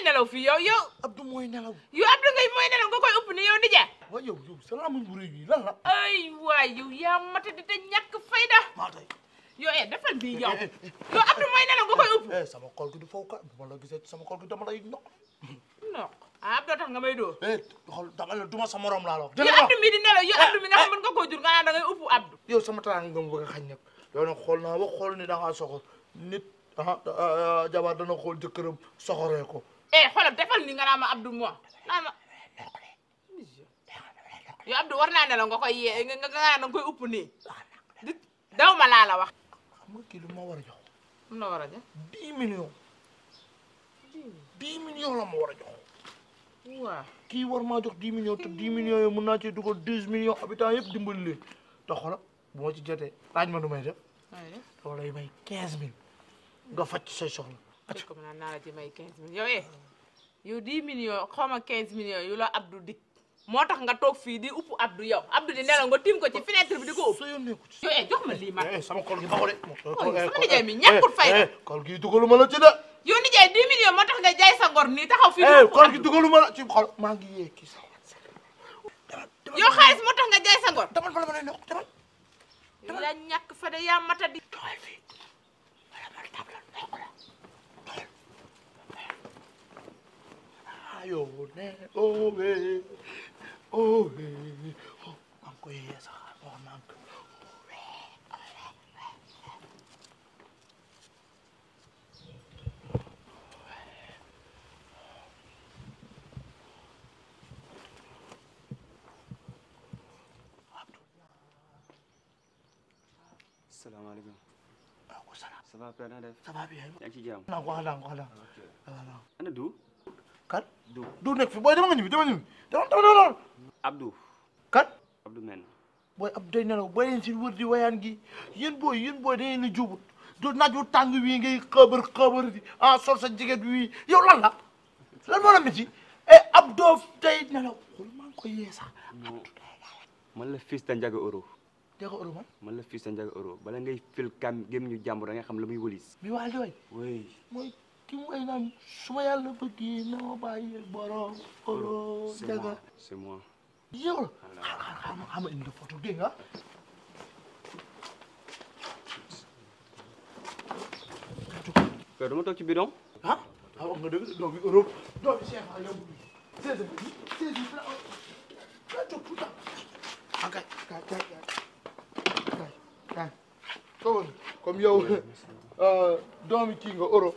mooy nelaw yo, yow yow. Abdou mooy nelaw. yow Abdou ngay mooy nelaw nga koy upp ni yow di ja. waaw yow yow salaamu bu réy yi lan la. ay waay yow yaa mata di te ñàkk fayda. maa yow eh defal bii yow. yow Abdou nelaw sama xol gi du faw ka bu la gisee sama xol gi dama lay nokk. nokk ah, Abdou tax nga may eh xool dama la duma sa morom laa la abdul yow Abdou mi di nelaw yow eh, Abdou mi nga eh. xam nga koo jur nga da ngay upp Abdou. yow sama talaan nga bëgg a nak nag yow nag xool wax ni da ngaa soxor nit ah, ah, ah jabar dana xool jëkkëram soxoree ko eh xoolal defal ni nga naan ma Abdou moi naan ma yow Abdou war naa ne la nga koy yee nga naan nga koy upp nii daw ma laa la wax. xam nga kii lu ma war a jox. lu ma war a la ma war jox. kii war maa jox dix millions te dix millions yooyu mën naa cee dugal douze millions habitants yëpp dimbali leen te xoolal bu ma ci jotee laaj ma nu may def. waaw loolu lay may quinze mille nga faj say soxla. comme naan naa la ci may 15 millions eh yow 10 millions xaw ma 15 millions yu la Abdou dik moo tax nga toog fii di upp Abdou yow Abdou di nelaw nga tiim ko ci fenêtre bi di ko upp. soo yónnee ko ci yow eh jox ma lii ma. sama kol gi baaxul de. sama nijaay mi ñàkkul fay. kol gi dugaluma la ci de. yow nijaay 10 millions moo tax nga jaay sa ngor nii taxaw fii. di upp kol gi dugaluma la ci xol maa ngi yee kii sax. yow xaalis moo tax nga jaay sa ngor. dama la ma lay nekk dama. yow yaa ñàkk fa de yaa yone owe owe mankweza mank السلام عليكم السلام ça va Nak ça va bien ana du kan du du nekk fi booy dama nga ñibbi dama ñibbi dama dama dama abdou kan abdou men boy ab day nelaw boy leen si wër di wayaan gi yéen booy yéen booy dañeen ni jubut du naaju tàng wii ngay xëbër xëbër di ah sol sa jigéen wii yow lan la lan moo la métti eh abdou tey nelaw xol maa ngi koy yee sax abdou man la fils da njaga euro njaga euro man man la fils da njaga euro bala ngay fil kam gém ñu jàmbur da nga xam la muy wëlis bi waa looy oui ki mooy naan su ma yàlla bëggee na ma bàyyi borom. borom jaga c'est moi yow la xam nga xam nga indi photo dégg nga père dama toog ci bidon. ah ah wax nga dëgg doom bi Europe. doom bi Cheikh Aliou Mbour. seize heures yi seize heures la ah, la jóg tout à fait. Ah, kaay kaay kaay kaay kaay comme yow euh, doomi kii nga Europe.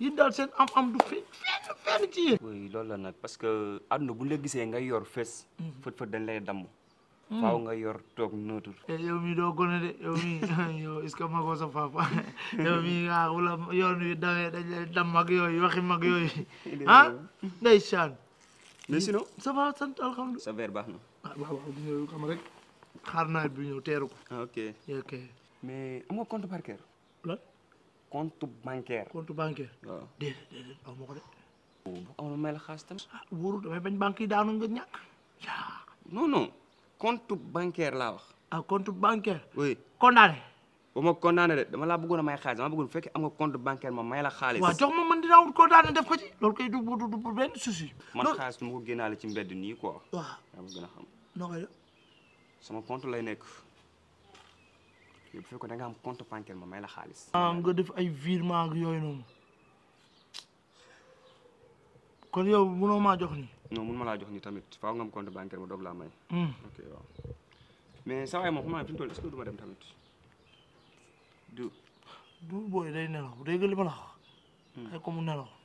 yéen daal seen am-am du fenn fenn ci yéen. oui loolu la nag parce que àdduna bu ñu la gisee nga yor fés. Mm. fët fët dañ lay damm. Mm. faaw nga yor toog nootul. Eh, yow doo gone de yooyu waxi mag yooyu ah ndeysaan. mais sinon ça va sant sa verre baax na. ah naa bi ñëw teeru ko. Ah, ok mais am nga compte compte bancaire. compte bancaire. waaw déedéet déedéet aw ma ko de. bu amul may la xaas tamit. ah wóorul damay bañ banque yi daanu nga ñàkk. non non compte bancaire laa wax. ah compte bancaire. oui condamné. ba ma condamné de dama laa bëggoon a may xaalis dama bëggoon fekk am nga compte bancaire ma may la xaalis. waaw jox ma man dinaa wut condamné def ko ci. loolu kay du du du benn souci. man xaalis mu ko génnaale ci mbedd nii quoi. waaw yaa ma gën a xam. noo koy def. sama compte lay nekk. yow bu fekkoon da nga am compte bancaire ma may la xaalis. ah nga def ay virement ak yooyu noonu kon yow mënoo maa jox nii. non mënuma laa jox nii tamit faaw nga am compte bancaire ma doog laa may. ok waaw mais saa waay moom xam naa fi mu toll est-ce que du ma dem tamit du. du booy day nelaw dégg nga li ma la wax. ay ko mu nelaw.